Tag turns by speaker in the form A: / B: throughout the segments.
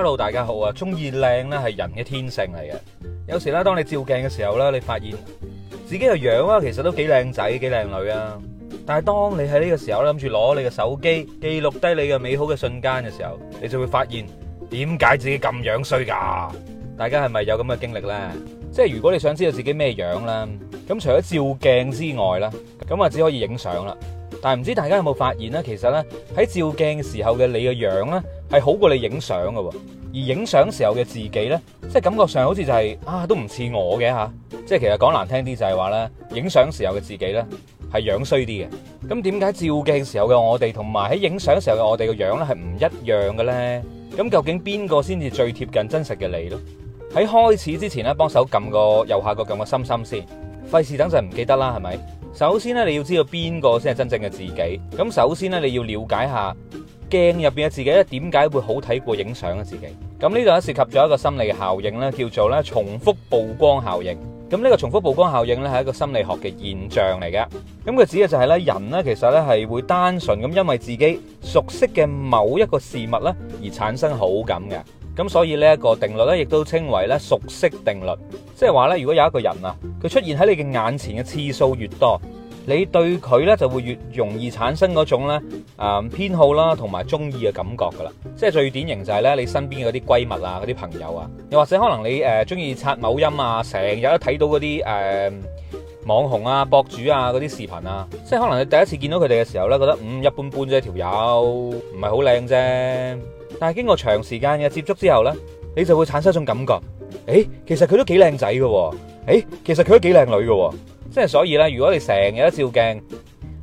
A: hello，大家好啊！中意靚咧係人嘅天性嚟嘅。有時咧，當你照鏡嘅時候咧，你發現自己嘅樣啊，其實都幾靚仔、幾靚女啊。但係當你喺呢個時候諗住攞你嘅手機記錄低你嘅美好嘅瞬間嘅時候，你就會發現點解自己咁樣衰噶？大家係咪有咁嘅經歷咧？即係如果你想知道自己咩樣咧，咁除咗照鏡之外咧，咁啊只可以影相啦。但係唔知大家有冇發現咧，其實咧喺照鏡時候嘅你嘅樣咧。係好過你影相㗎喎，而影相時候嘅自己呢，即係感覺上好似就係、是、啊都唔似我嘅吓、啊，即係其實講難聽啲就係話呢，影相時候嘅自己呢係樣衰啲嘅。咁點解照鏡時候嘅我哋同埋喺影相時候嘅我哋個樣呢係唔一樣嘅呢？咁究竟邊個先至最貼近真實嘅你咯？喺開始之前呢，幫手撳個右下角咁個心心先，費事等陣唔記得啦，係咪？首先呢，你要知道邊個先係真正嘅自己。咁首先呢，你要了解下。鏡入邊嘅自己咧，點解會好睇過影相嘅自己？咁呢度咧涉及咗一個心理效應咧，叫做咧重複曝光效應。咁呢個重複曝光效應咧係一個心理學嘅現象嚟嘅。咁佢指嘅就係咧，人咧其實咧係會單純咁因為自己熟悉嘅某一個事物咧而產生好感嘅。咁所以呢一個定律咧亦都稱為咧熟悉定律，即係話咧如果有一個人啊，佢出現喺你嘅眼前嘅次數越多，你對佢咧就會越容易產生嗰種咧誒、呃、偏好啦，同埋中意嘅感覺噶啦，即係最典型就係咧你身邊嘅嗰啲閨蜜啊，嗰啲朋友啊，又或者可能你誒中意刷某音啊，成日都睇到嗰啲誒網紅啊、博主啊嗰啲視頻啊，即係可能你第一次見到佢哋嘅時候咧，覺得嗯一般般啫，條友唔係好靚啫，但係經過長時間嘅接觸之後咧，你就會產生一種感覺，誒、哎、其實佢都幾靚仔喎！哎，誒其實佢都幾靚女噶。即係所以咧，如果你成日都照鏡，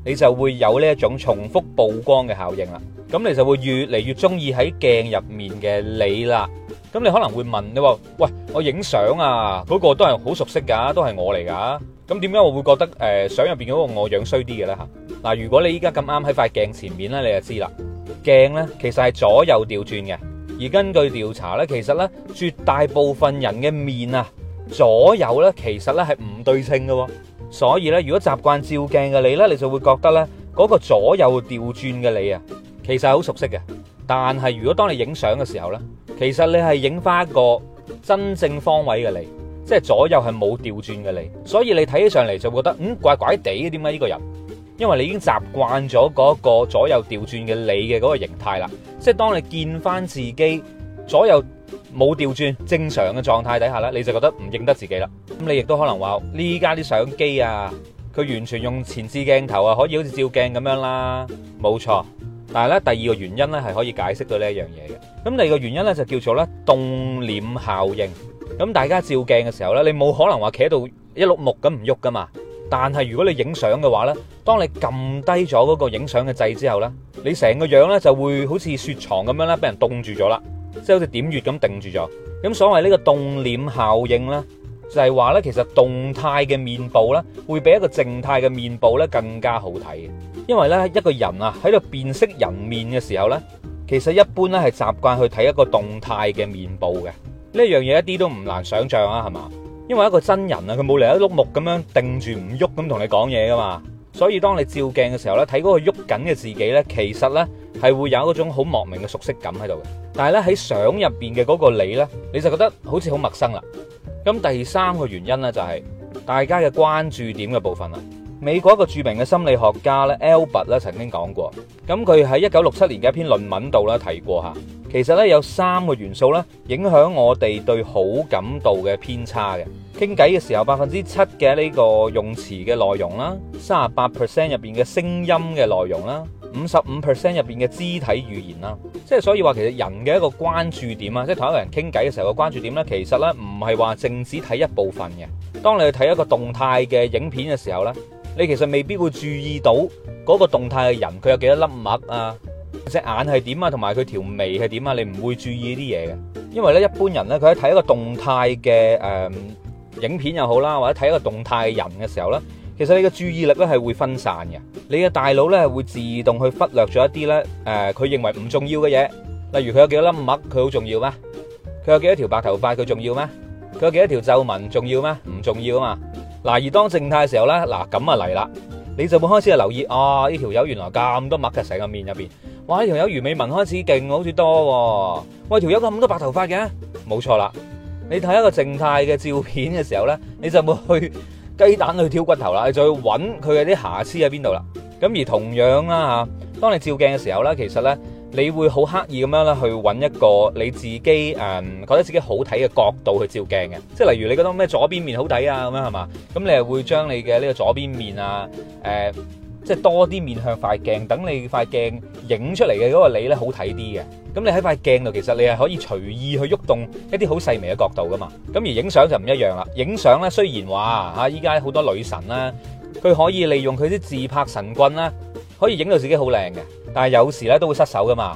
A: 你就會有呢一種重複曝光嘅效應啦。咁你就會越嚟越中意喺鏡入面嘅你啦。咁你可能會問，你話喂，我影相啊，嗰個都係好熟悉噶，都係我嚟噶。咁點解我會覺得誒，相入邊嗰個我樣衰啲嘅咧吓？嗱，如果你依家咁啱喺塊鏡前面咧，你就知啦。鏡咧其實係左右調轉嘅。而根據調查咧，其實咧絕大部分人嘅面啊，左右咧其實咧係唔對稱嘅。所以咧，如果習慣照鏡嘅你呢，你就會覺得呢嗰個左右調轉嘅你啊，其實好熟悉嘅。但係如果當你影相嘅時候呢，其實你係影翻一個真正方位嘅你，即係左右係冇調轉嘅你。所以你睇起上嚟就會覺得，嗯，怪怪地，點解呢個人。因為你已經習慣咗嗰個左右調轉嘅你嘅嗰個形態啦。即係當你見翻自己左右冇調轉正常嘅狀態底下咧，你就覺得唔認得自己啦。咁你亦都可能話呢家啲相機啊，佢完全用前置鏡頭啊，可以好似照鏡咁樣啦。冇錯，但係咧第二個原因咧係可以解釋到呢一樣嘢嘅。咁第二個原因咧就叫做咧凍臉效應。咁大家照鏡嘅時候咧，你冇可能話企喺度一碌木咁唔喐噶嘛。但係如果你影相嘅話咧，當你撳低咗嗰個影相嘅掣之後咧，你成個樣咧就會好似雪藏咁樣咧，俾人凍住咗啦。即係好似點穴咁定住咗。咁所謂呢個動臉效應呢，就係話呢，其實動態嘅面部呢，會比一個靜態嘅面部呢更加好睇。因為呢，一個人啊喺度辨識人面嘅時候呢，其實一般呢係習慣去睇一個動態嘅面部嘅。呢樣嘢一啲都唔難想像啊，係嘛？因為一個真人啊，佢冇嚟一碌木咁樣定住唔喐咁同你講嘢㗎嘛。所以當你照鏡嘅時候呢，睇嗰個喐緊嘅自己呢，其實呢，係會有嗰種好莫名嘅熟悉感喺度嘅，但係咧，喺相入邊嘅嗰個你呢，你就覺得好似好陌生啦。咁第三個原因呢，就係大家嘅關注點嘅部分啦。美國一個著名嘅心理學家咧，Albert 咧曾經講過，咁佢喺一九六七年嘅一篇論文度咧提過下，其實呢，有三個元素咧影響我哋對好感度嘅偏差嘅。傾偈嘅時候，百分之七嘅呢個用詞嘅內容啦，三十八 percent 入邊嘅聲音嘅內容啦。五十五 percent 入面嘅肢體語言啦，即係所以話其實人嘅一個關注點啊，即係同一個人傾偈嘅時候個關注點呢，其實呢唔係話淨止睇一部分嘅。當你去睇一個動態嘅影片嘅時候呢，你其實未必會注意到嗰個動態嘅人佢有幾多粒癦啊，隻眼係點啊，同埋佢條眉係點啊，你唔會注意啲嘢嘅，因為呢一般人呢，佢喺睇一個動態嘅、嗯、影片又好啦，或者睇一個動態嘅人嘅時候呢，其實你嘅注意力咧係會分散嘅，你嘅大腦咧係會自動去忽略咗一啲咧，誒，佢認為唔重要嘅嘢，例如佢有幾粒墨，佢好重要咩？佢有幾多條白頭髮，佢重要咩？佢有幾多條皺紋，重要咩？唔重要啊嘛。嗱，而當靜態嘅時候咧，嗱，咁啊嚟啦，你就會開始去留意啊，呢條友原來咁多墨嘅，成個面入邊，哇，呢條友魚尾紋開始勁，好似多喎。喂，條友咁多白頭髮嘅，冇錯啦。你睇一個靜態嘅照片嘅時候咧，你就會去。雞蛋去挑骨頭啦，你就要揾佢嘅啲瑕疵喺邊度啦。咁而同樣啦嚇，當你照鏡嘅時候咧，其實咧，你會好刻意咁樣咧去揾一個你自己誒覺得自己好睇嘅角度去照鏡嘅。即係例如你覺得咩左邊面好睇啊，咁樣係嘛？咁你係會將你嘅呢個左邊面啊誒，即係多啲面向塊鏡，等你塊鏡影出嚟嘅嗰個你咧，好睇啲嘅。咁你喺塊鏡度，其實你係可以隨意去喐動一啲好細微嘅角度噶嘛。咁而影相就唔一樣啦。影相咧，雖然話啊，依家，好多女神啦，佢可以利用佢啲自拍神棍啦，可以影到自己好靚嘅。但係有時咧都會失手噶嘛。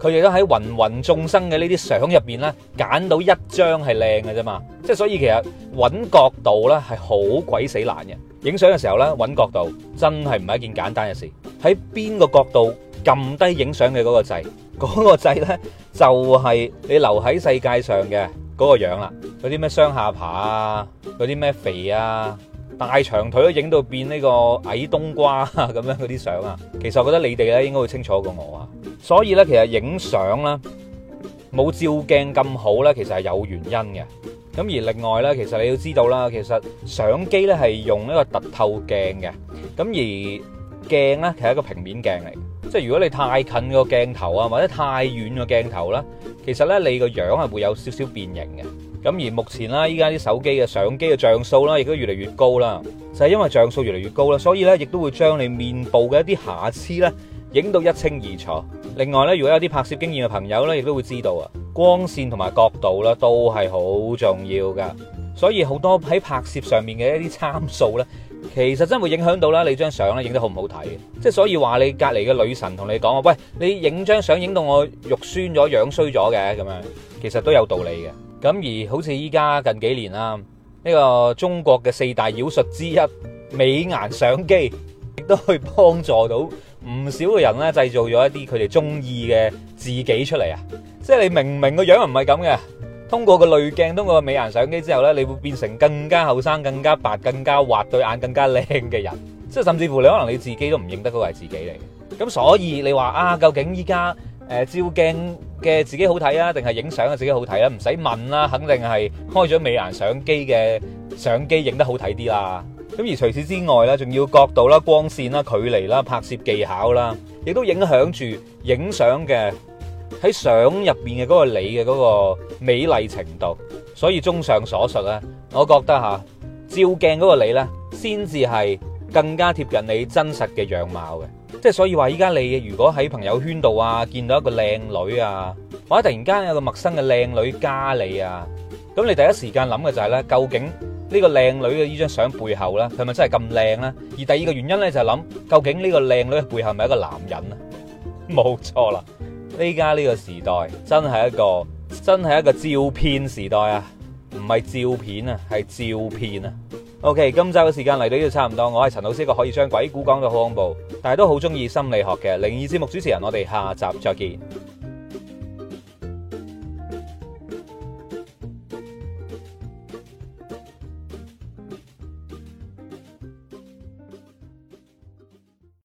A: 佢亦都喺芸芸眾生嘅呢啲相入邊咧，揀到一張係靚嘅啫嘛。即係所以其實揾角度咧係好鬼死難嘅。影相嘅時候咧，揾角度真係唔係一件簡單嘅事。喺邊個角度？撳低影相嘅嗰個掣，嗰個掣呢，就係你留喺世界上嘅嗰個樣啦。嗰啲咩雙下巴啊，嗰啲咩肥啊，大長腿都影到變呢個矮冬瓜啊，咁樣嗰啲相啊。其實我覺得你哋呢應該會清楚過我啊。所以呢，其實影相啦，冇照鏡咁好呢，其實係有原因嘅。咁而另外呢，其實你要知道啦，其實相機呢係用一個凸透鏡嘅，咁而鏡呢係一個平面鏡嚟。即係如果你太近個鏡頭啊，或者太遠個鏡頭啦，其實呢，你個樣係會有少少變形嘅。咁而目前啦，依家啲手機嘅相機嘅像素啦，亦都越嚟越高啦，就係因為像素越嚟越高啦，所以呢，亦都會將你面部嘅一啲瑕疵咧，影到一清二楚。另外呢，如果有啲拍攝經驗嘅朋友呢，亦都會知道啊，光線同埋角度啦，都係好重要噶。所以好多喺拍攝上面嘅一啲參數呢。其實真係會影響到啦，你張相咧影得好唔好睇？即係所以話你隔離嘅女神同你講，喂，你影張相影到我肉酸咗，樣衰咗嘅咁樣，其實都有道理嘅。咁而好似依家近幾年啦，呢個中國嘅四大妖術之一，美顏相機亦都去幫助到唔少嘅人咧，製造咗一啲佢哋中意嘅自己出嚟啊。即係你明明個樣唔係咁嘅。通過個濾鏡，通過個美顏相機之後呢，你會變成更加後生、更加白、更加滑對眼、更加靚嘅人，即係甚至乎你可能你自己都唔認得佢係自己嚟。咁所以你話啊，究竟依家誒照鏡嘅自己好睇啊，定係影相嘅自己好睇咧，啊？唔使問啦，肯定係開咗美顏相機嘅相機影得好睇啲啦。咁而除此之外呢，仲要角度啦、光綫啦、距離啦、拍攝技巧啦，亦都影響住影相嘅。喺相入邊嘅嗰個你嘅嗰個美麗程度，所以綜上所述咧，我覺得吓、啊、照鏡嗰個你呢，先至係更加貼近你真實嘅樣貌嘅。即係所以話，依家你如果喺朋友圈度啊見到一個靚女啊，或者突然間有個陌生嘅靚女加你啊，咁你第一時間諗嘅就係、是、呢：究竟呢個靚女嘅呢張相背後呢，係咪真係咁靚呢？而第二個原因呢，就係、是、諗究竟呢個靚女嘅背後係咪一個男人啊？冇錯啦。呢家呢個時代真係一個真係一個照片時代啊，唔係照片啊，係照片啊。OK，今集嘅時間嚟到呢度差唔多，我係陳老師個可以將鬼故講到好恐怖，但係都好中意心理學嘅靈異節目主持人，我哋下集再見。